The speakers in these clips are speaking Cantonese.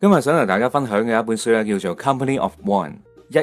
今日想同大家分享嘅一本書咧，叫做《Company of One》，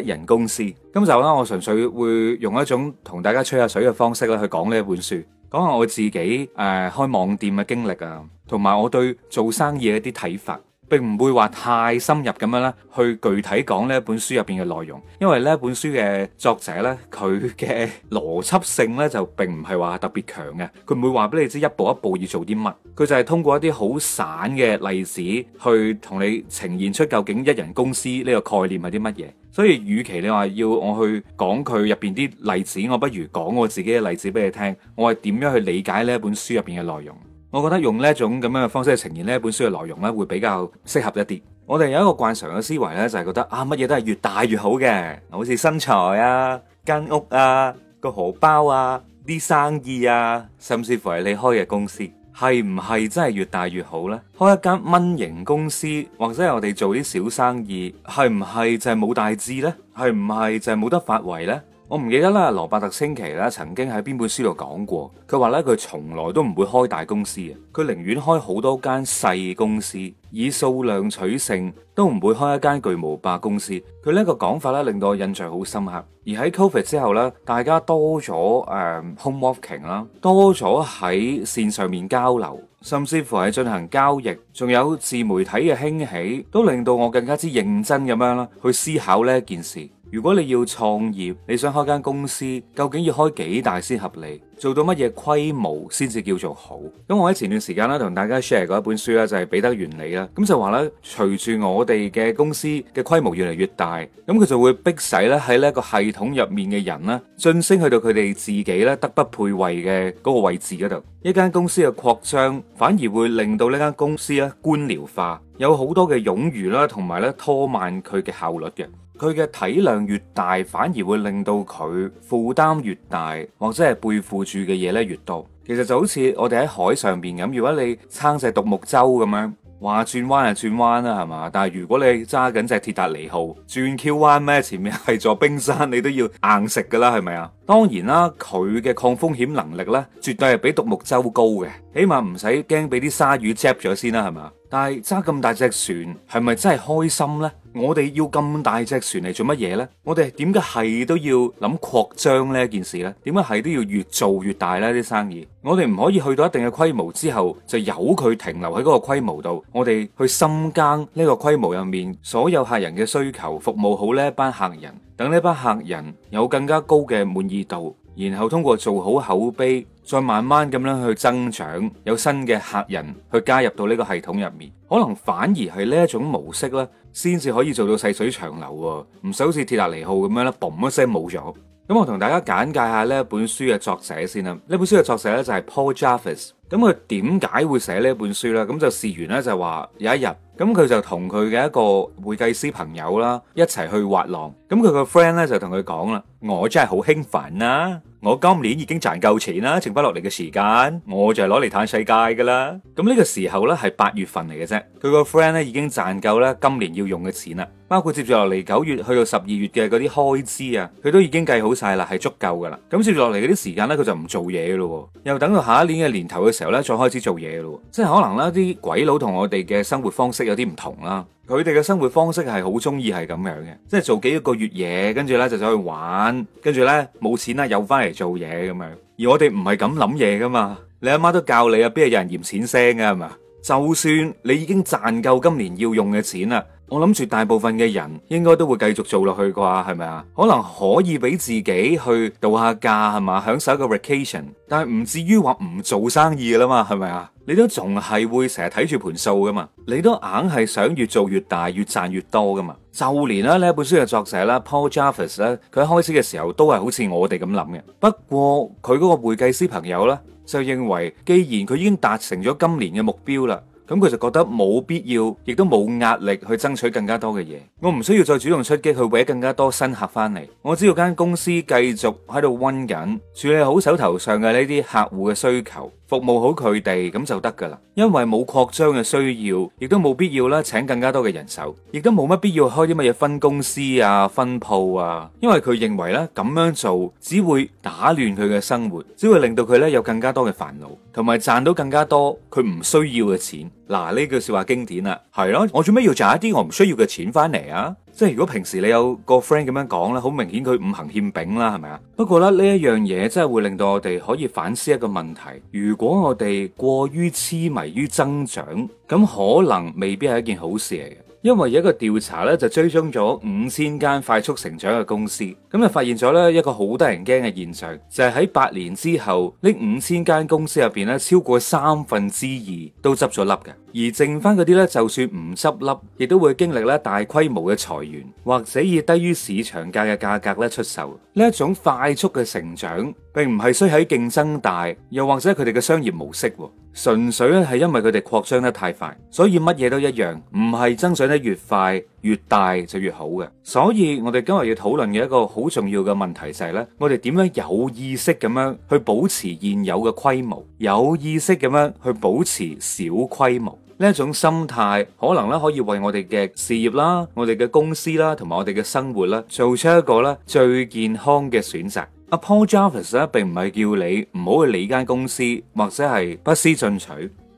一人公司。今集咧，我純粹會用一種同大家吹下水嘅方式咧，去講呢一本書，講下我自己誒、呃、開網店嘅經歷啊，同埋我對做生意嘅一啲睇法。並唔會話太深入咁樣咧，去具體講呢本書入邊嘅內容，因為呢本書嘅作者呢，佢嘅邏輯性呢，就並唔係話特別強嘅，佢唔會話俾你知一步一步要做啲乜，佢就係通過一啲好散嘅例子，去同你呈現出究竟一人公司呢個概念係啲乜嘢。所以，與其你話要我去講佢入邊啲例子，我不如講我自己嘅例子俾你聽，我係點樣去理解呢本書入邊嘅內容。我覺得用呢一種咁樣嘅方式去呈現呢一本書嘅內容咧，會比較適合一啲。我哋有一個慣常嘅思維咧，就係覺得啊，乜嘢都係越大越好嘅，好似身材啊、間屋啊、個荷包啊、啲生意啊，甚至乎係你開嘅公司，係唔係真係越大越好呢？開一間蚊型公司，或者係我哋做啲小生意，係唔係就係冇大志呢？係唔係就係冇得發圍呢？我唔記得啦，羅伯特清崎啦曾經喺邊本書度講過，佢話咧佢從來都唔會開大公司嘅，佢寧願開好多間細公司，以數量取勝，都唔會開一間巨無霸公司。佢呢個講法咧，令到我印象好深刻。而喺 Covid 之後咧，大家多咗誒、uh, home working 啦，多咗喺線上面交流，甚至乎係進行交易，仲有自媒體嘅興起，都令到我更加之認真咁樣啦去思考呢一件事。如果你要創業，你想開間公司，究竟要開幾大先合理？做到乜嘢規模先至叫做好？咁我喺前段時間咧同大家 share 嗰一本書咧就係彼得原理啦。咁就話咧，隨住我哋嘅公司嘅規模越嚟越大，咁佢就會逼使咧喺呢一個系統入面嘅人咧晉升去到佢哋自己咧德不配位嘅嗰個位置嗰度。一間公司嘅擴張反而會令到呢間公司咧官僚化，有好多嘅冗餘啦，同埋咧拖慢佢嘅效率嘅。佢嘅體量越大，反而會令到佢負擔越大，或者係背負住嘅嘢咧越多。其實就好似我哋喺海上邊咁，如果你撐隻獨木舟咁樣話轉彎就轉彎啦，係嘛？但係如果你揸緊隻鐵達尼號轉 Q 彎咩？前面係座冰山，你都要硬食噶啦，係咪啊？當然啦，佢嘅抗風險能力呢，絕對係比獨木舟高嘅，起碼唔使驚俾啲鯊魚 zip 咗先啦，係嘛？但係揸咁大隻船，係咪真係開心呢？我哋要咁大隻船嚟做乜嘢呢？我哋點解係都要諗擴張呢件事呢？點解係都要越做越大呢啲生意？我哋唔可以去到一定嘅規模之後，就由佢停留喺嗰個規模度。我哋去深耕呢個規模入面所有客人嘅需求，服務好呢班客人，等呢班客人有更加高嘅滿意度。然後通過做好口碑，再慢慢咁樣去增長，有新嘅客人去加入到呢個系統入面，可能反而係呢一種模式咧，先至可以做到細水長流喎。唔好似鐵達尼號咁樣咧，嘣一聲冇咗。咁我同大家簡介一下呢本書嘅作者先啦。呢本書嘅作者咧就係 Paul Jarvis。咁佢點解會寫呢本書呢？咁就試完呢，就話有一日，咁佢就同佢嘅一個會計師朋友啦一齊去滑浪。咁佢個 friend 呢，就同佢講啦：我真係好興奮啊！我今年已經賺夠錢啦，剩翻落嚟嘅時間，我就係攞嚟嘆世界噶啦。咁呢個時候呢，係八月份嚟嘅啫。佢個 friend 呢，已經賺夠啦今年要用嘅錢啦，包括接住落嚟九月去到十二月嘅嗰啲開支啊，佢都已經計好晒啦，係足夠噶啦。咁接住落嚟嗰啲時間呢，佢就唔做嘢咯。又等到下一年嘅年頭嘅時候咧，再開始做嘢咯，即係可能咧，啲鬼佬同我哋嘅生活方式有啲唔同啦。佢哋嘅生活方式係好中意係咁樣嘅，即係做幾個月嘢，跟住咧就走去玩，跟住咧冇錢啦，又翻嚟做嘢咁樣。而我哋唔係咁諗嘢噶嘛，你阿媽都教你啊，邊係有人嫌錢聲噶係嘛？就算你已經賺夠今年要用嘅錢啦。我諗住大部分嘅人應該都會繼續做落去啩，係咪啊？可能可以俾自己去度下假係嘛，享受一個 vacation，但係唔至於話唔做生意啦嘛，係咪啊？你都仲係會成日睇住盤數噶嘛，你都硬係想越做越大，越賺越多噶嘛。就連啦呢一本書嘅作者啦 Paul Jarvis 咧，佢開始嘅時候都係好似我哋咁諗嘅。不過佢嗰個會計師朋友咧就認為，既然佢已經達成咗今年嘅目標啦。咁佢就覺得冇必要，亦都冇壓力去爭取更加多嘅嘢。我唔需要再主動出擊去搵更加多新客翻嚟。我只要間公司繼續喺度温緊，處理好手頭上嘅呢啲客戶嘅需求，服務好佢哋咁就得噶啦。因為冇擴張嘅需要，亦都冇必要啦，請更加多嘅人手，亦都冇乜必要開啲乜嘢分公司啊、分鋪啊。因為佢認為呢咁樣做只會打亂佢嘅生活，只會令到佢呢有更加多嘅煩惱，同埋賺到更加多佢唔需要嘅錢。嗱，呢句説話經典啦，係咯，我做咩要賺一啲我唔需要嘅錢翻嚟啊？即係如果平時你有個 friend 咁樣講咧，好明顯佢五行欠丙啦，係咪啊？不過咧，呢一樣嘢真係會令到我哋可以反思一個問題：如果我哋過於痴迷於增長，咁可能未必係一件好事嚟嘅。因為一個調查咧，就追蹤咗五千間快速成長嘅公司，咁就發現咗咧一個好得人驚嘅現象，就係喺八年之後，呢五千間公司入邊咧，超過三分之二都執咗笠嘅。而剩翻嗰啲咧，就算唔執笠，亦都會經歷咧大規模嘅裁員，或者以低於市場價嘅價格咧出售。呢一種快速嘅成長，並唔係需喺競爭大，又或者佢哋嘅商業模式，純粹咧係因為佢哋擴張得太快。所以乜嘢都一樣，唔係增長得越快越大就越好嘅。所以，我哋今日要討論嘅一個好重要嘅問題就係咧，我哋點樣有意識咁樣去保持現有嘅規模，有意識咁樣去保持小規模。呢一種心態，可能咧可以為我哋嘅事業啦、我哋嘅公司啦，同埋我哋嘅生活啦，做出一個咧最健康嘅選擇。阿 Paul Jarvis 咧並唔係叫你唔好去理間公司或者係不思進取，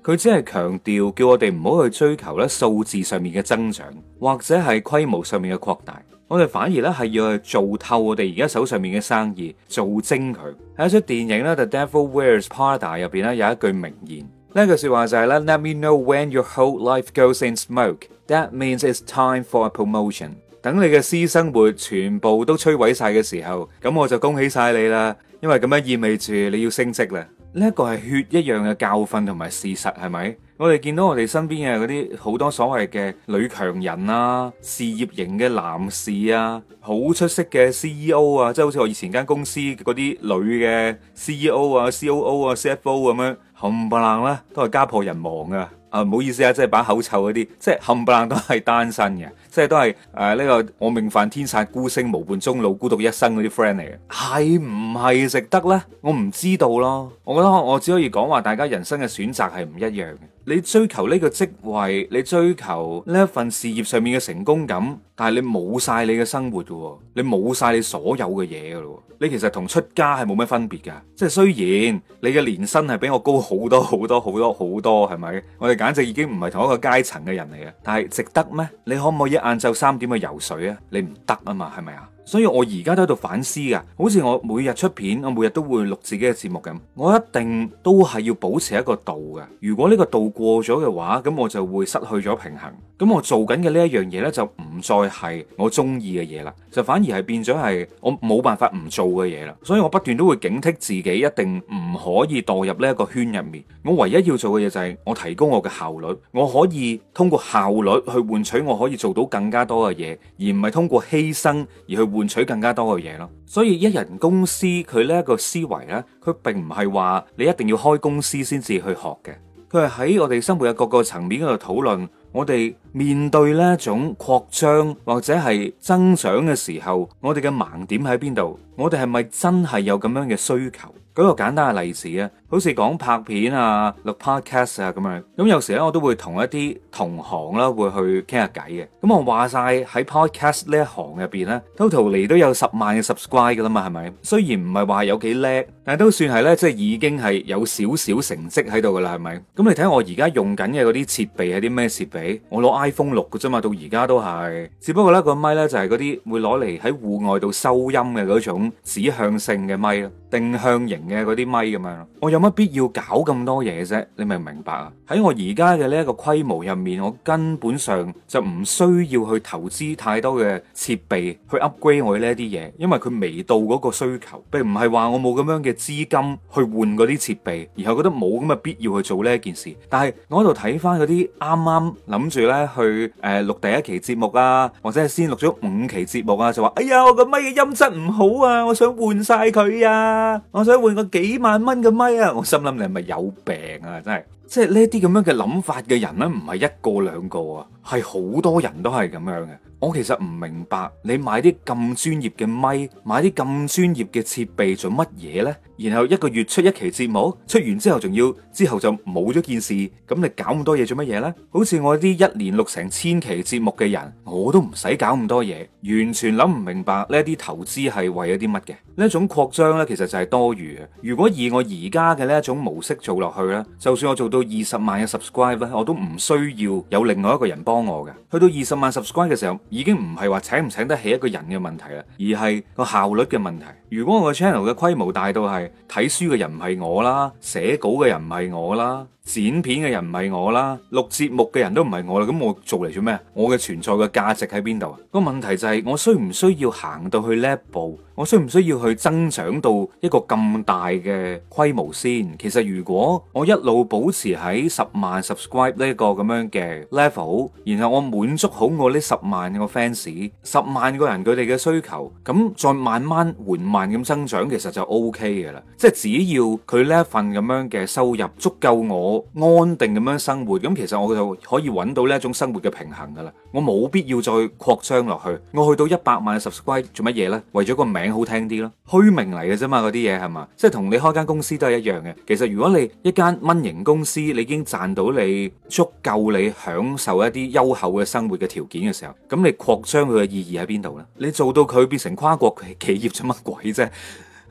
佢只係強調叫我哋唔好去追求咧數字上面嘅增長或者係規模上面嘅擴大。我哋反而咧係要去做透我哋而家手上面嘅生意，做精佢。喺一出電影咧《The Devil Wears Prada》入邊咧有一句名言。呢句說話就係 Let me know when your whole life goes in smoke. That means it's time for a promotion。等你嘅私生活全部都摧毀晒嘅時候，咁我就恭喜晒你啦，因為咁樣意味住你要升職啦。呢一個係血一樣嘅教訓同埋事實，係咪？我哋見到我哋身邊嘅嗰啲好多所謂嘅女強人啊，事業型嘅男士啊，好出色嘅 CEO 啊，即係好似我以前間公司嗰啲女嘅 CEO 啊、COO 啊、CFO 咁樣。冚唪唥啦，都係家破人亡噶。啊，唔好意思啊，即係把口臭嗰啲，即係冚唪唥都係單身嘅，即係都係誒呢個我命犯天煞孤星無伴終老孤獨一生嗰啲 friend 嚟嘅，係唔係值得咧？我唔知道咯。我覺得我只可以講話，大家人生嘅選擇係唔一樣嘅。你追求呢個職位，你追求呢一份事業上面嘅成功感，但係你冇晒你嘅生活噶，你冇晒你所有嘅嘢噶咯，你其實同出家係冇咩分別噶。即係雖然你嘅年薪係比我高好多好多好多好多，係咪？我哋簡直已經唔係同一個階層嘅人嚟嘅，但係值得咩？你可唔可以晏晝三點去游水啊？你唔得啊嘛，係咪啊？所以我而家都喺度反思㗎，好似我每日出片，我每日都會錄自己嘅節目咁，我一定都係要保持一個度嘅。如果呢個度過咗嘅話，咁我就會失去咗平衡。咁我做緊嘅呢一樣嘢呢，就唔再係我中意嘅嘢啦，就反而係變咗係我冇辦法唔做嘅嘢啦。所以我不斷都會警惕自己，一定唔可以墮入呢一個圈入面。我唯一要做嘅嘢就係我提高我嘅效率，我可以通過效率去換取我可以做到更加多嘅嘢，而唔係通過犧牲而去換取更加多嘅嘢咯。所以一人公司佢呢一個思維呢，佢並唔係話你一定要開公司先至去學嘅。佢係喺我哋生活嘅各個層面嗰度討論，我哋面對呢一種擴張或者係增長嘅時候，我哋嘅盲點喺邊度？我哋係咪真係有咁樣嘅需求？舉個簡單嘅例子啊！好似講拍片啊、錄 podcast 啊咁樣，咁有時咧我都會同一啲同行啦，會去傾下偈嘅。咁我話晒喺 podcast 呢一行入邊呢，Totally 都有十萬嘅 subscribers 㗎啦嘛，係咪？雖然唔係話有幾叻，但係都算係呢，即係已經係有少少成績喺度噶啦，係咪？咁你睇下我而家用緊嘅嗰啲設備係啲咩設備？我攞 iPhone 6嘅啫嘛，到而家都係。只不過呢，個咪呢，就係嗰啲會攞嚟喺戶外度收音嘅嗰種指向性嘅咪咯，定向型嘅嗰啲咪咁樣。我有乜必要搞咁多嘢啫？你明唔明白啊？喺我而家嘅呢一個規模入面，我根本上就唔需要去投資太多嘅設備去 upgrade 我呢一啲嘢，因為佢未到嗰個需求，並唔係話我冇咁樣嘅資金去換嗰啲設備，然後覺得冇咁嘅必要去做呢一件事。但係我喺度睇翻嗰啲啱啱諗住咧去誒、呃、錄第一期節目啊，或者係先錄咗五期節目啊，就話哎呀，我個咪嘅音質唔好啊，我想換晒佢啊，我想換個幾萬蚊嘅咪啊！我心諗你係咪有病啊！真係。即係呢啲咁樣嘅諗法嘅人呢，唔係一個兩個啊，係好多人都係咁樣嘅。我其實唔明白你買啲咁專業嘅咪，買啲咁專業嘅設備做乜嘢呢？然後一個月出一期節目，出完之後仲要之後就冇咗件事，咁你搞咁多嘢做乜嘢呢？好似我啲一年錄成千期節目嘅人，我都唔使搞咁多嘢，完全諗唔明白呢啲投資係為咗啲乜嘅？呢種擴張呢，其實就係多餘嘅。如果以我而家嘅呢一種模式做落去呢，就算我做到。到二十萬嘅 subscribe，我都唔需要有另外一個人幫我嘅。去到二十萬 subscribe 嘅時候，已經唔係話請唔請得起一個人嘅問題啦，而係個效率嘅問題。如果我個 channel 嘅規模大到係睇書嘅人唔係我啦，寫稿嘅人唔係我啦，剪片嘅人唔係我啦，錄節目嘅人都唔係我啦，咁我做嚟做咩？我嘅存在嘅價值喺邊度啊？個問題就係我需唔需要行到去呢一步？我需唔需要去增長到一個咁大嘅規模先？其實如果我一路保持喺十萬 subscribe 呢個咁樣嘅 level，然後我滿足好我呢十萬個 fans、十萬個人佢哋嘅需求，咁再慢慢緩慢咁增長，其實就 OK 嘅啦。即係只要佢呢一份咁樣嘅收入足夠我安定咁樣生活，咁其實我就可以揾到呢一種生活嘅平衡噶啦。我冇必要再擴張落去，我去到一百萬 subscribe 做乜嘢呢？為咗個名。好聽啲咯，虛名嚟嘅啫嘛，嗰啲嘢係嘛？即係同你開間公司都係一樣嘅。其實如果你一間蚊型公司，你已經賺到你足夠你享受一啲優厚嘅生活嘅條件嘅時候，咁你擴張佢嘅意義喺邊度呢？你做到佢變成跨國企業，做乜鬼啫？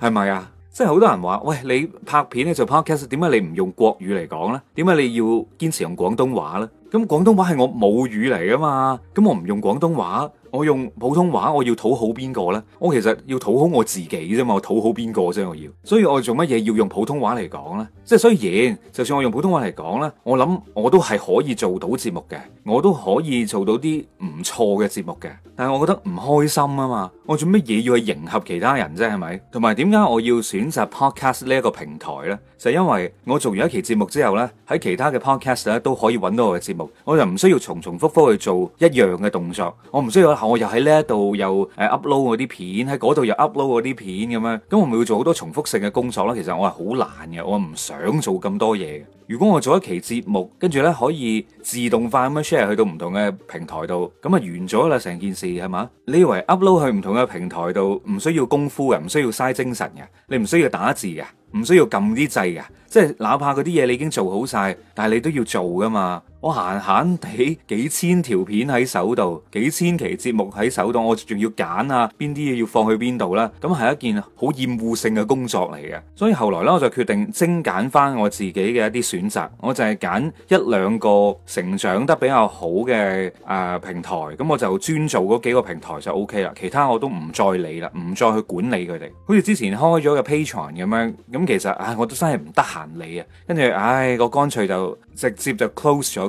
係咪啊？即係好多人話，「喂，你拍片咧做 podcast，點解你唔用國語嚟講呢？點解你要堅持用廣東話呢？」咁廣東話係我母語嚟噶嘛，咁我唔用廣東話。我用普通話，我要討好邊個呢？我其實要討好我自己啫嘛，我討好邊個啫？我要，所以我做乜嘢要用普通話嚟講呢？即係雖然就算我用普通話嚟講呢，我諗我都係可以做到節目嘅，我都可以做到啲唔錯嘅節目嘅。但係我覺得唔開心啊嘛，我做乜嘢要去迎合其他人啫？係咪？同埋點解我要選擇 podcast 呢一個平台呢？就係因為我做完一期節目之後呢，喺其他嘅 podcast 呢都可以揾到我嘅節目，我就唔需要重重復復去做一樣嘅動作，我唔需要。我又喺呢一度又 upload 我啲片，喺嗰度又 upload 我啲片咁樣，咁我咪會做好多重複性嘅工作咧？其實我係好懶嘅，我唔想做咁多嘢。如果我做一期節目，跟住呢可以自動化咁 share 去到唔同嘅平台度，咁啊，完咗啦成件事係嘛？你以為 upload 去唔同嘅平台度，唔需要功夫嘅，唔需要嘥精神嘅，你唔需要打字嘅，唔需要撳啲掣嘅，即係哪怕嗰啲嘢你已經做好晒，但係你都要做噶嘛？我閒閒地幾千條片喺手度，幾千期節目喺手度，我仲要揀啊邊啲嘢要放去邊度啦？咁係一件好厭惡性嘅工作嚟嘅。所以後來咧，我就決定精簡翻我自己嘅一啲選擇，我就係揀一兩個成長得比較好嘅誒、呃、平台，咁我就專做嗰幾個平台就 OK 啦，其他我都唔再理啦，唔再去管理佢哋。好似之前開咗個 Patreon 咁樣，咁其實唉、哎、我都真係唔得閒理啊，跟住唉我乾脆就直接就 close 咗。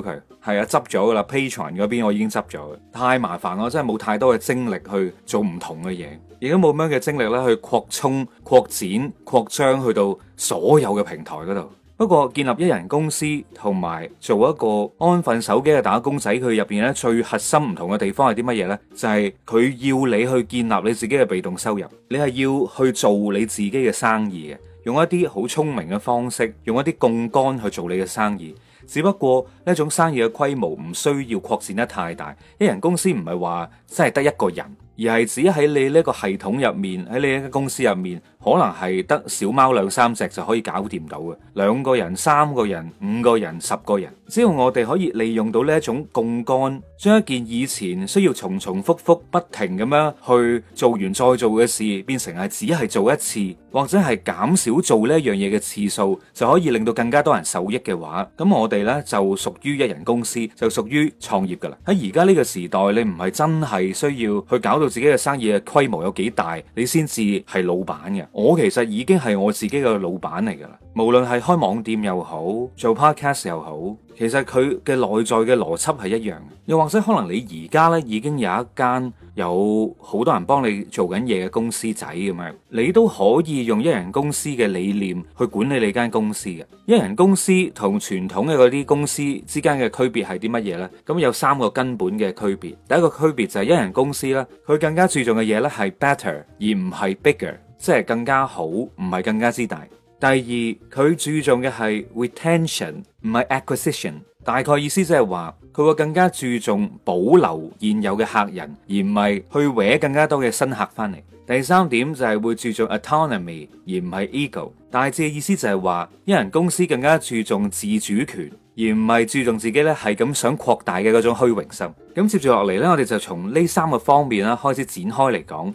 佢係、okay. 啊，執咗噶啦 Patreon 嗰邊我已經執咗，太麻煩啦，我真係冇太多嘅精力去做唔同嘅嘢，亦都冇咩嘅精力咧去擴充、擴展、擴張去到所有嘅平台嗰度。不過建立一人公司同埋做一個安分手機嘅打工仔，佢入邊咧最核心唔同嘅地方係啲乜嘢呢？就係、是、佢要你去建立你自己嘅被動收入，你係要去做你自己嘅生意嘅，用一啲好聰明嘅方式，用一啲槓杆去做你嘅生意。只不過呢種生意嘅規模唔需要擴展得太大，一人公司唔係話真係得一個人，而係只喺你呢個系統入面，喺你呢間公司入面。可能係得小貓兩三隻就可以搞掂到嘅，兩個人、三個人、五個人、十個人，只要我哋可以利用到呢一種槓杆，將一件以前需要重重複複、不停咁樣去做完再做嘅事，變成係只係做一次，或者係減少做呢樣嘢嘅次數，就可以令到更加多人受益嘅話，咁我哋呢就屬於一人公司，就屬於創業噶啦。喺而家呢個時代，你唔係真係需要去搞到自己嘅生意嘅規模有幾大，你先至係老闆嘅。我其實已經係我自己嘅老闆嚟㗎啦，無論係開網店又好，做 podcast 又好，其實佢嘅內在嘅邏輯係一樣。又或者可能你而家咧已經有一間有好多人幫你做緊嘢嘅公司仔咁樣，你都可以用一人公司嘅理念去管理你間公司嘅。一人公司同傳統嘅嗰啲公司之間嘅區別係啲乜嘢呢？咁有三個根本嘅區別。第一個區別就係一人公司呢，佢更加注重嘅嘢呢係 better 而唔係 bigger。即係更加好，唔係更加之大。第二，佢注重嘅係 retention，唔係 acquisition。大概意思即係話，佢會更加注重保留現有嘅客人，而唔係去搵更加多嘅新客翻嚟。第三點就係會注重 autonomy，而唔係 ego。大致嘅意思就係話，一人公司更加注重自主權，而唔係注重自己咧係咁想擴大嘅嗰種虛榮心。咁、嗯、接住落嚟咧，我哋就從呢三個方面啦開始展開嚟講。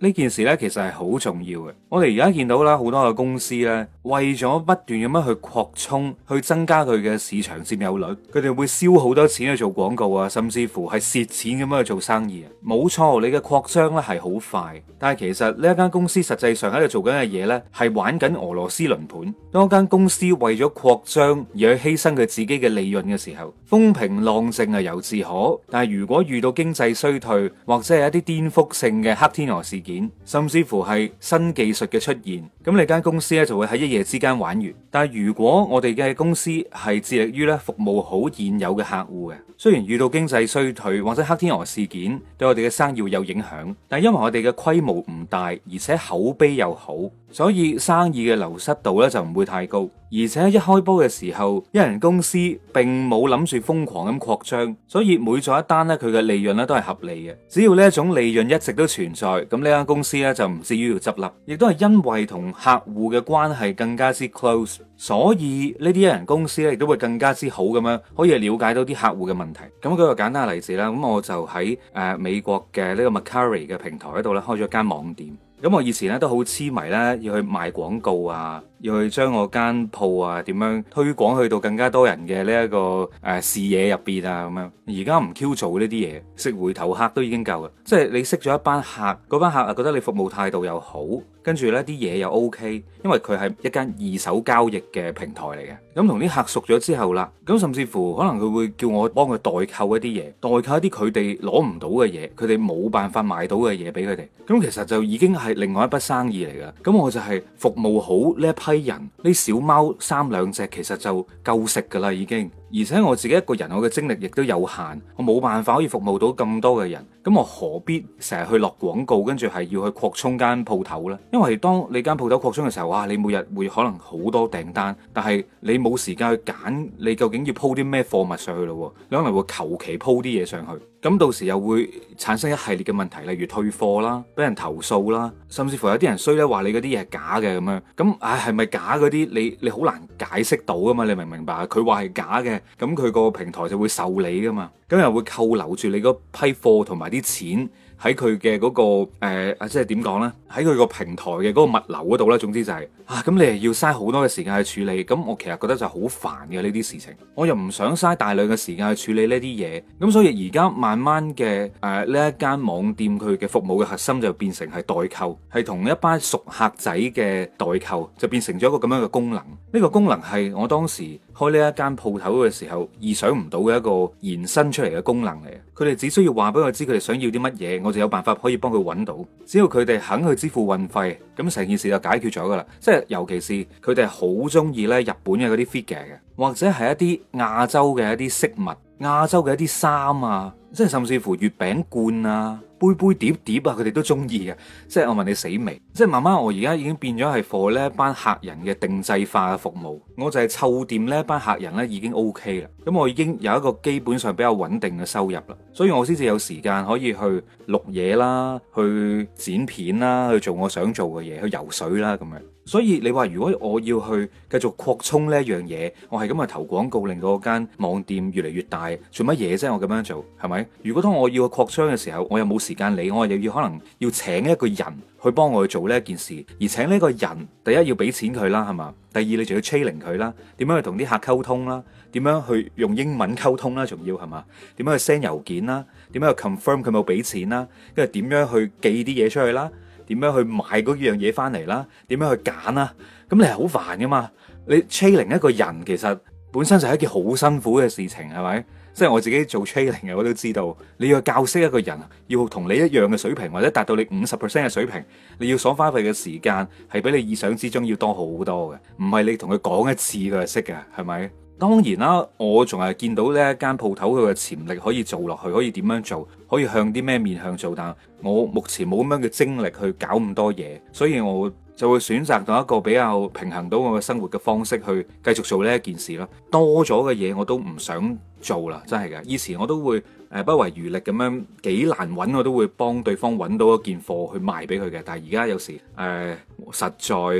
呢件事呢，其實係好重要嘅。我哋而家見到啦，好多嘅公司呢，為咗不斷咁樣去擴充，去增加佢嘅市場佔有率，佢哋會燒好多錢去做廣告啊，甚至乎係蝕錢咁樣去做生意啊。冇錯，你嘅擴張呢係好快，但係其實呢一間公司實際上喺度做緊嘅嘢呢，係玩緊俄羅斯輪盤。當一間公司為咗擴張而去犧牲佢自己嘅利潤嘅時候，風平浪靜啊，猶自可。但係如果遇到經濟衰退或者係一啲顛覆性嘅黑天鵝事件，甚至乎係新技術嘅出現，咁你間公司咧就會喺一夜之間玩完。但係如果我哋嘅公司係致力於咧服務好現有嘅客戶嘅，雖然遇到經濟衰退或者黑天鵝事件對我哋嘅生意有影響，但因為我哋嘅規模唔大，而且口碑又好，所以生意嘅流失度咧就唔會太高。而且一開波嘅時候，一人公司並冇諗住瘋狂咁擴張，所以每做一單咧，佢嘅利潤咧都係合理嘅。只要呢一種利潤一直都存在，咁呢間公司咧就唔至於要執笠。亦都係因為同客戶嘅關係更加之 close，所以呢啲一人公司咧亦都會更加之好咁樣，可以了解到啲客戶嘅問題。咁、那、舉個簡單例子啦，咁我就喺，誒，美國嘅呢個 McCarry 嘅平台嗰度咧開咗間網店。咁我以前咧都好痴迷咧要去賣廣告啊。要去將我間鋪啊點樣推廣去到更加多人嘅呢一個誒、呃、視野入邊啊咁樣。而家唔 Q 做呢啲嘢，食回頭客都已經夠啦。即係你識咗一班客，嗰班客啊覺得你服務態度又好，跟住呢啲嘢又 OK。因為佢係一間二手交易嘅平台嚟嘅。咁同啲客熟咗之後啦，咁、嗯、甚至乎可能佢會叫我幫佢代購一啲嘢，代購一啲佢哋攞唔到嘅嘢，佢哋冇辦法買到嘅嘢俾佢哋。咁、嗯、其實就已經係另外一筆生意嚟嘅。咁、嗯、我就係服務好呢一批人，呢小貓三兩隻，其實就夠食噶啦，已經。而且我自己一個人，我嘅精力亦都有限，我冇辦法可以服務到咁多嘅人。咁我何必成日去落廣告，跟住係要去擴充間鋪頭呢？因為當你間鋪頭擴充嘅時候，哇！你每日會可能好多訂單，但係你冇時間去揀，你究竟要鋪啲咩貨物上去咯？你可能會求其鋪啲嘢上去，咁到時又會產生一系列嘅問題，例如退貨啦、俾人投訴啦，甚至乎有啲人衰咧話你嗰啲嘢係假嘅咁樣。咁唉，係咪假嗰啲？你你好難解釋到啊嘛？你明唔明白？佢話係假嘅。咁佢個平台就會受理噶嘛，咁又會扣留住你嗰批貨同埋啲錢喺佢嘅嗰個誒、呃，即係點講呢？喺佢個平台嘅嗰個物流嗰度呢。總之就係、係、啊，咁你係要嘥好多嘅時間去處理。咁我其實覺得就好煩嘅呢啲事情，我又唔想嘥大量嘅時間去處理呢啲嘢。咁所以而家慢慢嘅誒、呢、呃、一間網店佢嘅服務嘅核心就變成係代購，係同一班熟客仔嘅代購，就變成咗一個咁樣嘅功能。呢、呢個功能係我當時。開呢一間鋪頭嘅時候，意想唔到嘅一個延伸出嚟嘅功能嚟。佢哋只需要話俾我知佢哋想要啲乜嘢，我就有辦法可以幫佢揾到。只要佢哋肯去支付運費，咁成件事就解決咗噶啦。即係尤其是佢哋好中意呢日本嘅嗰啲 figure 嘅，或者係一啲亞洲嘅一啲飾物、亞洲嘅一啲衫啊，即係甚至乎月餅罐啊。杯杯碟碟啊，佢哋都中意嘅，即係我問你死未？即係慢慢，我而家已經變咗係 for 呢一班客人嘅定制化嘅服務，我就係湊掂呢一班客人呢已經 OK 啦，咁我已經有一個基本上比較穩定嘅收入啦，所以我先至有時間可以去錄嘢啦，去剪片啦，去做我想做嘅嘢，去游水啦咁樣。所以你話如果我要去繼續擴充呢一樣嘢，我係咁去投廣告令到嗰間網店越嚟越大，做乜嘢啫？我咁樣做係咪？如果當我要擴張嘅時候，我又冇時間理，我又要可能要請一個人去幫我去做呢一件事，而請呢個人，第一要俾錢佢啦，係嘛？第二你仲要 training 佢啦，點樣去同啲客溝通啦，點樣去用英文溝通啦，仲要係嘛？點樣去 send 郵件啦，點樣去 confirm 佢冇俾錢啦，跟住點樣去寄啲嘢出去啦？點樣去買嗰樣嘢翻嚟啦？點樣去揀啦？咁你係好煩㗎嘛？你 training 一個人其實本身就係一件好辛苦嘅事情，係咪？即係我自己做 training 嘅，我都知道你要教識一個人，要同你一樣嘅水平或者達到你五十 percent 嘅水平，你要所花費嘅時間係比你意想之中要多好多嘅，唔係你同佢講一次佢就識嘅，係咪？當然啦，我仲係見到呢一間鋪頭佢嘅潛力可以做落去，可以點樣做，可以向啲咩面向做，但我目前冇咁樣嘅精力去搞咁多嘢，所以我就會選擇到一個比較平衡到我嘅生活嘅方式去繼續做呢一件事啦。多咗嘅嘢我都唔想做啦，真係㗎。以前我都會誒、呃、不遺餘力咁樣幾難揾，我都會幫對方揾到一件貨去賣俾佢嘅。但係而家有時誒、呃、實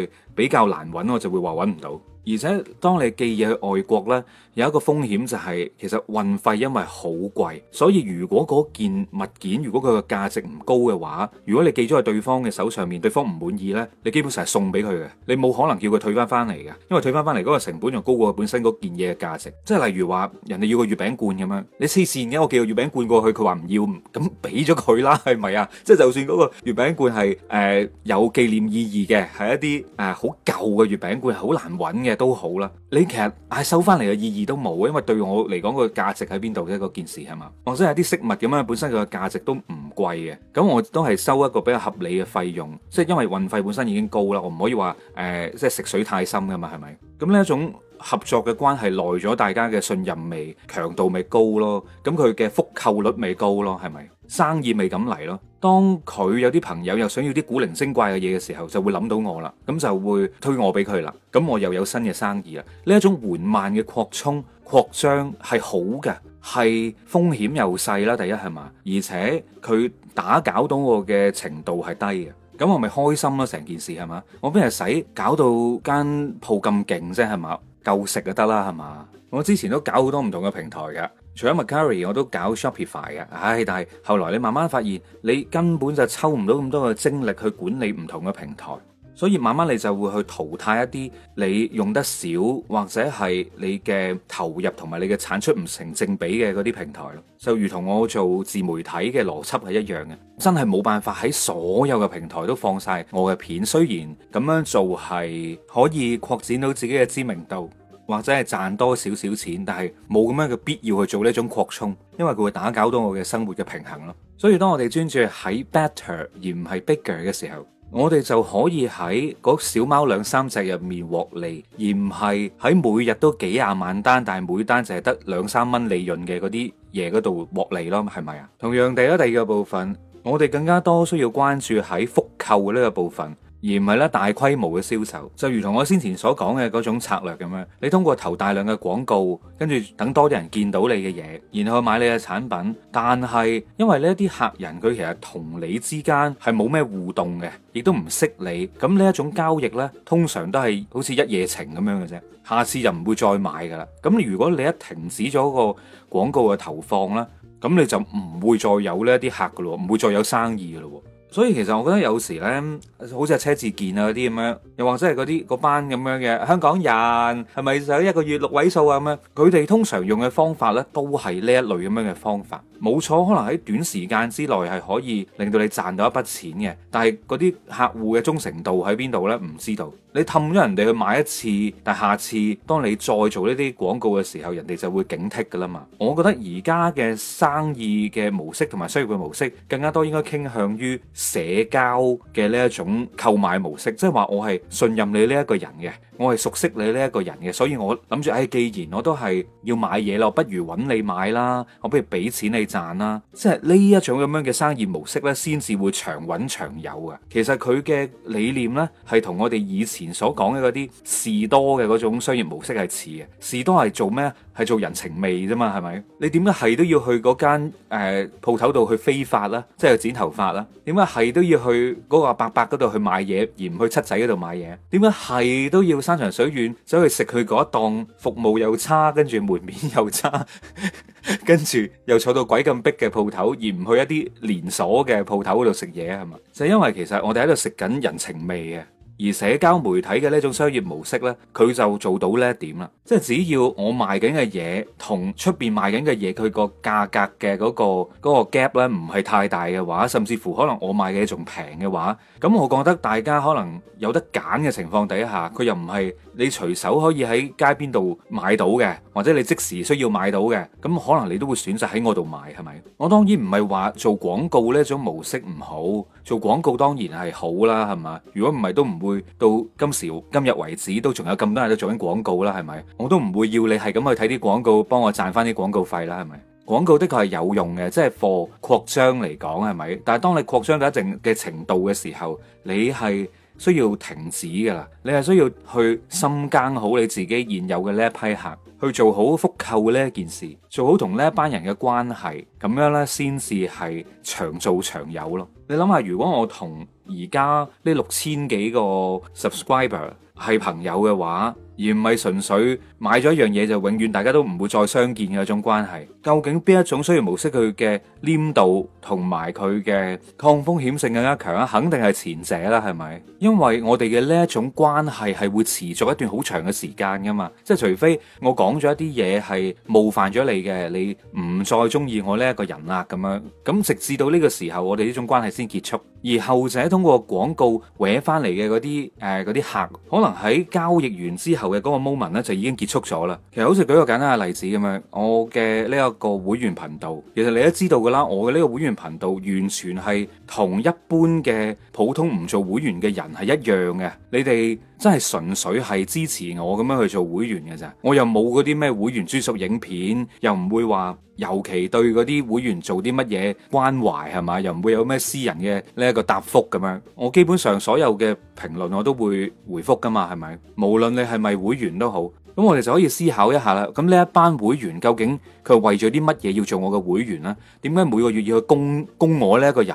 在比較難揾，我就會話揾唔到。而且當你寄嘢去外國呢，有一個風險就係其實運費因為好貴，所以如果嗰件物件如果佢嘅價值唔高嘅話，如果你寄咗去對方嘅手上面，對方唔滿意呢，你基本上係送俾佢嘅，你冇可能叫佢退翻翻嚟嘅，因為退翻翻嚟嗰個成本又高過本身嗰件嘢嘅價值。即係例如話人哋要個月餅罐咁樣，你黐線嘅，我寄個月餅罐過去，佢話唔要，咁俾咗佢啦，係咪啊？即係就算嗰個月餅罐係誒有紀念意義嘅，係一啲誒好舊嘅月餅罐，係好難揾嘅。都好啦，你其實唉收翻嚟嘅意義都冇，因為對我嚟講個價值喺邊度嘅嗰件事係嘛，或者係啲飾物咁樣，本身佢嘅價值都唔貴嘅，咁我都係收一個比較合理嘅費用，即係因為運費本身已經高啦，我唔可以話誒、呃、即係食水太深噶嘛，係咪？咁呢一種。合作嘅關係耐咗，大家嘅信任咪強度咪高咯，咁佢嘅復購率咪高咯，係咪生意咪咁嚟咯？當佢有啲朋友又想要啲古靈精怪嘅嘢嘅時候，就會諗到我啦，咁就會推我俾佢啦，咁我又有新嘅生意啦。呢一種緩慢嘅擴充擴張係好嘅，係風險又細啦。第一係嘛，而且佢打攪到我嘅程度係低嘅，咁我咪開心咯。成件事係嘛，我邊係使搞到間鋪咁勁啫，係嘛？夠食就得啦，係嘛？我之前都搞好多唔同嘅平台噶，除咗 Macari，我都搞 Shopify 嘅。唉、哎，但係後來你慢慢發現，你根本就抽唔到咁多嘅精力去管理唔同嘅平台，所以慢慢你就會去淘汰一啲你用得少或者係你嘅投入同埋你嘅產出唔成正比嘅嗰啲平台咯。就如同我做自媒體嘅邏輯係一樣嘅，真係冇辦法喺所有嘅平台都放晒我嘅片。雖然咁樣做係可以擴展到自己嘅知名度。或者係賺多少少錢，但係冇咁樣嘅必要去做呢一種擴充，因為佢會打攪到我嘅生活嘅平衡咯。所以當我哋專注喺 better 而唔係 bigger 嘅時候，我哋就可以喺嗰小貓兩三隻入面獲利，而唔係喺每日都幾廿萬單，但係每單淨係得兩三蚊利潤嘅嗰啲嘢嗰度獲利咯，係咪啊？同樣地咧，第二個部分，我哋更加多需要關注喺復購呢一個部分。而唔係咧，大規模嘅銷售就如同我先前所講嘅嗰種策略咁樣，你通過投大量嘅廣告，跟住等多啲人見到你嘅嘢，然後買你嘅產品。但係因為呢啲客人佢其實同你之間係冇咩互動嘅，亦都唔識你。咁呢一種交易呢，通常都係好似一夜情咁樣嘅啫。下次就唔會再買噶啦。咁如果你一停止咗個廣告嘅投放啦，咁你就唔會再有呢啲客噶咯，唔會再有生意噶咯。所以其實我覺得有時咧，好似阿車志健啊嗰啲咁樣，又或者係嗰啲嗰班咁樣嘅香港人，係咪就一個月六位數啊咁樣？佢哋通常用嘅方法咧，都係呢一類咁樣嘅方法。冇錯，可能喺短時間之內係可以令到你賺到一筆錢嘅，但係嗰啲客戶嘅忠誠度喺邊度呢？唔知道。你氹咗人哋去買一次，但下次當你再做呢啲廣告嘅時候，人哋就會警惕㗎啦嘛。我覺得而家嘅生意嘅模式同埋商業嘅模式更加多應該傾向於社交嘅呢一種購買模式，即係話我係信任你呢一個人嘅。我係熟悉你呢一個人嘅，所以我諗住，誒、哎，既然我都係要買嘢啦，我不如揾你買啦，我不如俾錢你賺啦，即係呢一種咁樣嘅商業模式呢，先至會長穩長有嘅。其實佢嘅理念呢，係同我哋以前所講嘅嗰啲士多嘅嗰種商業模式係似嘅。士多係做咩？係做人情味啫嘛，係咪？你點解係都要去嗰間誒鋪頭度去飛髮啦，即係剪頭髮啦？點解係都要去嗰個阿伯伯嗰度去買嘢，而唔去七仔嗰度買嘢？點解係都要？山長水遠走去食佢，嗰一檔服務又差，跟住門面又差，跟 住又坐到鬼咁逼嘅鋪頭，而唔去一啲連鎖嘅鋪頭嗰度食嘢係嘛？就係、因為其實我哋喺度食緊人情味嘅。而社交媒體嘅呢種商業模式呢，佢就做到呢一點啦。即係只要我賣緊嘅嘢同出邊賣緊嘅嘢，佢個價格嘅嗰個嗰個 gap 呢唔係太大嘅話，甚至乎可能我賣嘅嘢仲平嘅話，咁我覺得大家可能有得揀嘅情況底下，佢又唔係你隨手可以喺街邊度買到嘅，或者你即時需要買到嘅，咁可能你都會選擇喺我度買，係咪？我當然唔係話做廣告呢種模式唔好。做廣告當然係好啦，係嘛？如果唔係都唔會到今時今日為止都仲有咁多人都做緊廣告啦，係咪？我都唔會要你係咁去睇啲廣告幫我賺返啲廣告費啦，係咪？廣告的確係有用嘅，即係貨擴張嚟講係咪？但係當你擴張到一定嘅程度嘅時候，你係，需要停止噶啦，你係需要去深耕好你自己現有嘅呢一批客，去做好復購呢一件事，做好同呢一班人嘅關係，咁樣呢，先至係長做長有咯。你諗下，如果我同而家呢六千幾個 subscriber 係朋友嘅話，而唔係純粹買咗一樣嘢就永遠大家都唔會再相見嘅一種關係。究竟邊一種商業模式佢嘅黏度同埋佢嘅抗風險性更加強咧？肯定係前者啦，係咪？因為我哋嘅呢一種關係係會持續一段好長嘅時間㗎嘛。即係除非我講咗一啲嘢係冒犯咗你嘅，你唔再中意我呢一個人啦咁樣。咁直至到呢個時候，我哋呢種關係先結束。而後者通過廣告搵返嚟嘅啲誒嗰啲客，可能喺交易完之後。嘅嗰個 moment 咧，就已經結束咗啦。其實好似舉個簡單嘅例子咁樣，我嘅呢一個會員頻道，其實你都知道噶啦。我嘅呢個會員頻道完全係同一般嘅普通唔做會員嘅人係一樣嘅。你哋真係純粹係支持我咁樣去做會員嘅咋？我又冇嗰啲咩會員專屬影片，又唔會話。尤其對嗰啲會員做啲乜嘢關懷係咪？又唔會有咩私人嘅呢一個答覆噉樣。我基本上所有嘅評論我都會回覆㗎嘛，係咪？無論你係咪會員都好。咁我哋就可以思考一下啦。咁呢一班會員究竟佢係為咗啲乜嘢要做我嘅會員呢？點解每個月要去供供我呢一個人？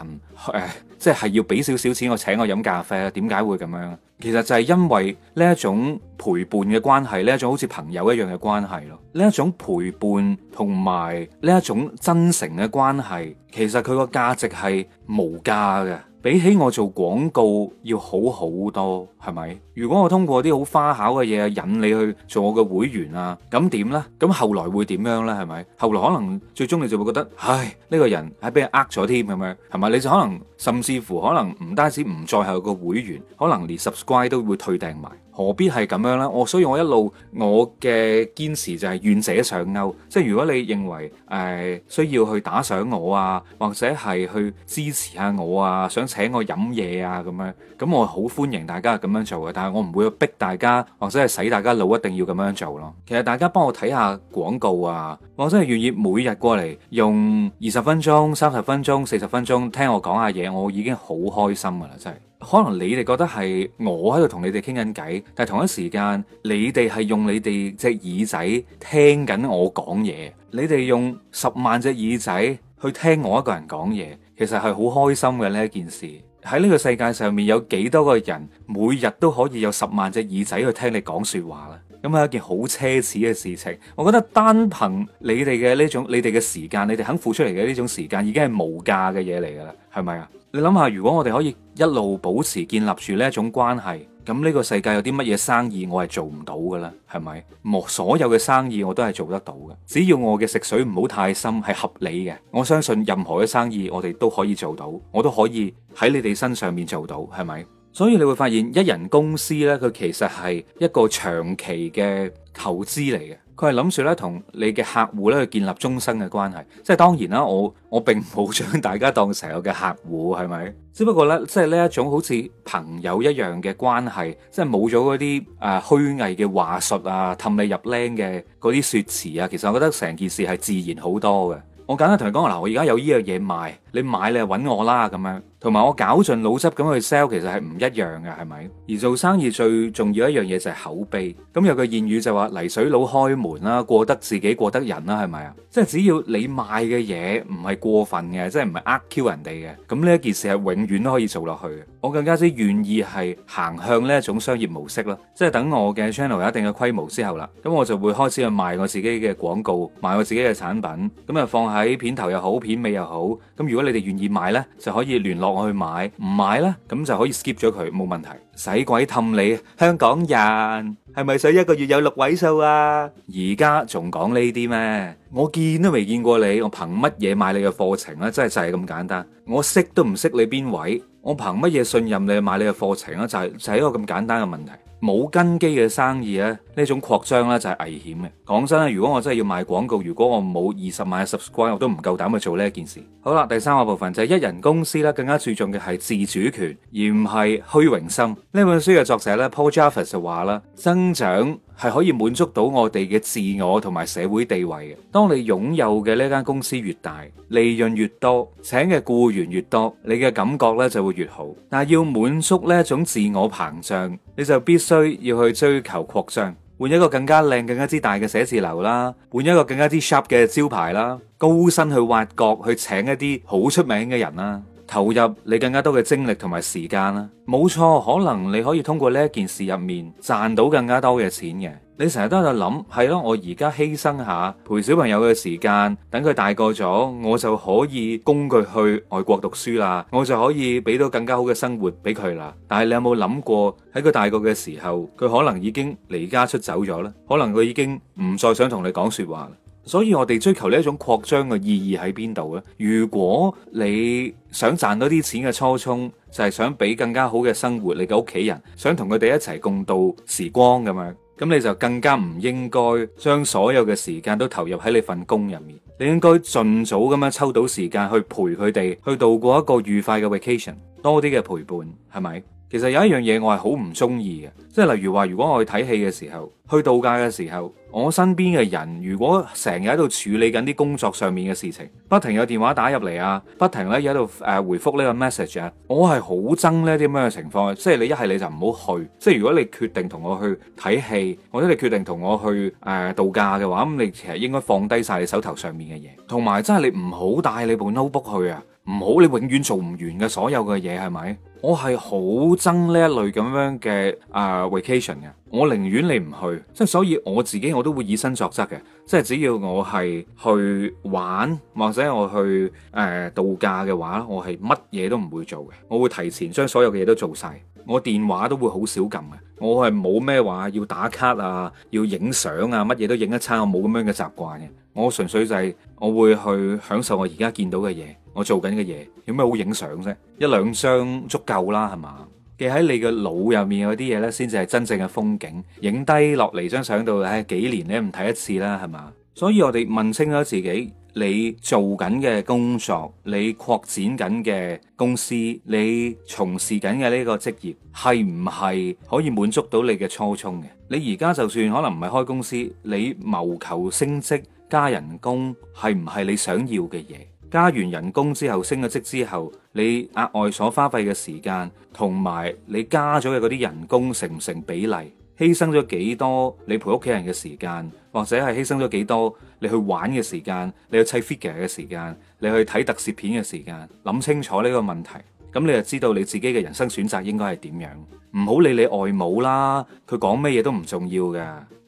哎，即係要俾少少錢我請我飲咖啡咧？點解會咁樣？其實就係因為呢一種陪伴嘅關係，呢一種好似朋友一樣嘅關係咯。呢一種陪伴同埋呢一種真誠嘅關係，其實佢個價值係無價嘅。比起我做廣告要好好多，係咪？如果我通過啲好花巧嘅嘢引你去做我嘅會員啊，咁點呢？咁後來會點樣呢？係咪？後來可能最終你就會覺得，唉，呢個人係俾人呃咗添，係咪？係咪？你就可能甚至乎可能唔單止唔再係個會員，可能連 subscribe 都會退訂埋。何必係咁樣呢？我所以我一路我嘅堅持就係願者上鈎，即係如果你認為誒、呃、需要去打賞我啊，或者係去支持下我啊，想請我飲嘢啊咁樣，咁我好歡迎大家咁樣做嘅，但係我唔會逼大家，或者係使大家腦一定要咁樣做咯。其實大家幫我睇下廣告啊，我真係願意每日過嚟用二十分鐘、三十分鐘、四十分鐘聽我講下嘢，我已經好開心㗎喇，真係。可能你哋覺得係我喺度同你哋傾緊偈，但係同一時間，你哋係用你哋隻耳仔聽緊我講嘢，你哋用十萬隻耳仔去聽我一個人講嘢，其實係好開心嘅呢一件事。喺呢個世界上面，有幾多個人每日都可以有十萬隻耳仔去聽你講說話啦？咁係一件好奢侈嘅事情。我覺得單憑你哋嘅呢種，你哋嘅時間，你哋肯付出嚟嘅呢種時間，已經係無價嘅嘢嚟噶啦，係咪啊？你諗下，如果我哋可以。一路保持建立住呢一種關係，咁呢個世界有啲乜嘢生意我係做唔到嘅咧，係咪？莫所有嘅生意我都係做得到嘅，只要我嘅食水唔好太深，係合理嘅，我相信任何嘅生意我哋都可以做到，我都可以喺你哋身上面做到，係咪？所以你會發現一人公司呢，佢其實係一個長期嘅投資嚟嘅。佢係諗住咧，同你嘅客戶咧去建立終生嘅關係，即係當然啦，我我並冇將大家當成我嘅客戶，係咪？只不過咧，即係呢一種好似朋友一樣嘅關係，即係冇咗嗰啲誒虛偽嘅話術啊、氹你入靚嘅嗰啲說辭啊，其實我覺得成件事係自然好多嘅。我簡單同你講，嗱，我而家有呢樣嘢賣，你買你就搵我啦，咁樣。同埋我搞盡腦汁咁去 sell，其實係唔一樣嘅，係咪？而做生意最重要一樣嘢就係口碑。咁有句諺語就話泥水佬開門啦，過得自己過得人啦，係咪啊？即係只要你賣嘅嘢唔係過分嘅，即係唔係呃 Q 人哋嘅，咁呢一件事係永遠都可以做落去嘅。我更加之願意係行向呢一種商業模式啦。即係等我嘅 channel 有一定嘅規模之後啦，咁我就會開始去賣我自己嘅廣告，賣我自己嘅產品。咁啊，放喺片頭又好，片尾又好。咁如果你哋願意買呢，就可以聯絡。我去買唔買咧？咁就可以 skip 咗佢，冇問題。使鬼氹你，香港人係咪使一個月有六位數啊？而家仲講呢啲咩？我見都未見過你，我憑乜嘢買你嘅課程咧、啊？真係就係咁簡單。我識都唔識你邊位，我憑乜嘢信任你去買你嘅課程咧、啊？就係、是、就係、是、一個咁簡單嘅問題。冇根基嘅生意咧，呢種擴張呢就係危險嘅。講真啦，如果我真係要賣廣告，如果我冇二十萬嘅 subscribe 我都唔夠膽去做呢一件事。好啦，第三個部分就係一人公司呢，更加注重嘅係自主權，而唔係虛榮心。呢本書嘅作者呢，Paul Jarvis 就話啦，增長。係可以滿足到我哋嘅自我同埋社會地位嘅。當你擁有嘅呢間公司越大，利潤越多，請嘅僱員越多，你嘅感覺咧就會越好。但係要滿足呢一種自我膨脹，你就必須要去追求擴張，換一個更加靚、更加之大嘅寫字樓啦，換一個更加之 sharp 嘅招牌啦，高薪去挖角，去請一啲好出名嘅人啦。投入你更加多嘅精力同埋時間啦，冇錯，可能你可以通過呢一件事入面賺到更加多嘅錢嘅。你成日都喺度諗，係咯，我而家犧牲下陪小朋友嘅時間，等佢大個咗，我就可以供佢去外國讀書啦，我就可以俾到更加好嘅生活俾佢啦。但係你有冇諗過，喺佢大個嘅時候，佢可能已經離家出走咗咧，可能佢已經唔再想同你講說話。所以我哋追求呢一種擴張嘅意義喺邊度呢？如果你想賺多啲錢嘅初衷，就係想俾更加好嘅生活你嘅屋企人，想同佢哋一齊共度時光咁樣，咁你就更加唔應該將所有嘅時間都投入喺你份工入面。你應該盡早咁樣抽到時間去陪佢哋，去度過一個愉快嘅 vacation，多啲嘅陪伴，係咪？其實有一樣嘢我係好唔中意嘅，即係例如話，如果我去睇戲嘅時候，去度假嘅時候，我身邊嘅人如果成日喺度處理緊啲工作上面嘅事情，不停有電話打入嚟啊，不停咧喺度誒回覆呢個 message 啊，我係好憎呢啲咁嘅情況，即係你一係你就唔好去，即係如果你決定同我去睇戲，或者你決定同我去誒、呃、度假嘅話，咁你其實應該放低晒你手頭上面嘅嘢，同埋真係你唔好帶你部 notebook 去啊。唔好，你永遠做唔完嘅所有嘅嘢，係咪？我係好憎呢一類咁樣嘅誒、uh, vacation 嘅，我寧願你唔去。即係所以我自己我都會以身作則嘅，即係只要我係去玩或者我去誒、uh, 度假嘅話，我係乜嘢都唔會做嘅。我會提前將所有嘅嘢都做晒，我電話都會好少撳嘅。我係冇咩話要打卡啊，要影相啊，乜嘢都影一餐，我冇咁樣嘅習慣嘅。我純粹就係我會去享受我而家見到嘅嘢，我做緊嘅嘢，有咩好影相啫？一兩張足夠啦，係嘛？記喺你嘅腦入面嗰啲嘢呢，先至係真正嘅風景，影低落嚟張相度，唉、哎，幾年你唔睇一次啦，係嘛？所以我哋問清咗自己。你做緊嘅工作，你擴展緊嘅公司，你從事緊嘅呢個職業，係唔係可以滿足到你嘅初衷嘅？你而家就算可能唔係開公司，你謀求升職加人工，係唔係你想要嘅嘢？加完人工之後升咗職之後，你額外所花費嘅時間同埋你加咗嘅嗰啲人工成唔成比例？犧牲咗幾多你陪屋企人嘅時間，或者係犧牲咗幾多你去玩嘅時間，你去砌 figure 嘅時間，你去睇特攝片嘅時間，諗清楚呢個問題，咁你就知道你自己嘅人生選擇應該係點樣，唔好理你外母啦，佢講咩嘢都唔重要㗎。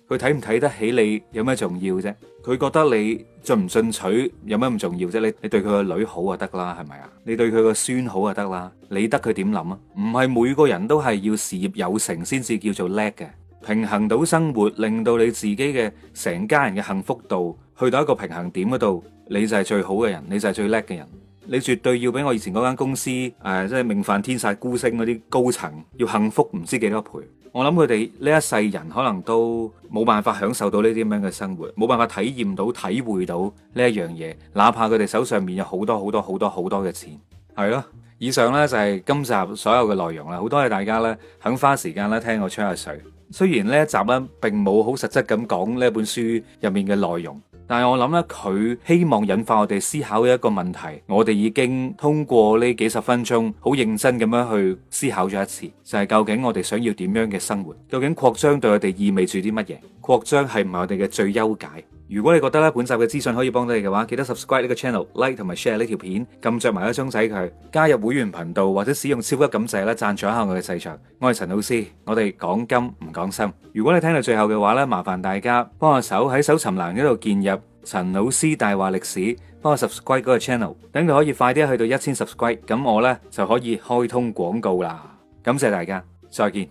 佢睇唔睇得起你有咩重要啫？佢覺得你進唔進取有咩唔重要啫？你你對佢個女好啊得啦，係咪啊？你對佢個孫好啊得啦，理得佢點諗啊？唔係每個人都係要事業有成先至叫做叻嘅，平衡到生活，令到你自己嘅成家人嘅幸福度去到一個平衡點嗰度，你就係最好嘅人，你就係最叻嘅人，你絕對要比我以前嗰間公司誒，即係命犯天煞孤星嗰啲高層要幸福唔知幾多倍。我諗佢哋呢一世人可能都冇辦法享受到呢啲咁樣嘅生活，冇辦法體驗到、體會到呢一樣嘢，哪怕佢哋手上面有好多好多好多好多嘅錢，係咯。以上呢就係今集所有嘅內容啦，好多謝大家呢肯花時間咧聽我吹下水。雖然呢一集呢並冇好實質咁講呢本書入面嘅內容。但係我諗咧，佢希望引發我哋思考嘅一個問題，我哋已經通過呢幾十分鐘好認真咁樣去思考咗一次，就係究竟我哋想要點樣嘅生活？究竟擴張對我哋意味住啲乜嘢？擴張係唔係我哋嘅最優解？如果你覺得咧本集嘅資訊可以幫到你嘅話，記得 subscribe 呢個 channel、like 同埋 share 呢條片，撳着埋一鐘仔佢，加入會員頻道或者使用超級感謝啦，贊助一下我嘅細場。我係陳老師，我哋講金唔講心。如果你聽到最後嘅話咧，麻煩大家幫下手喺搜尋欄嗰度建入陳老師大話歷史，幫我 subscribe 嗰個 channel，等佢可以快啲去到一千 subscribe，咁我咧就可以開通廣告啦。感謝大家，再見。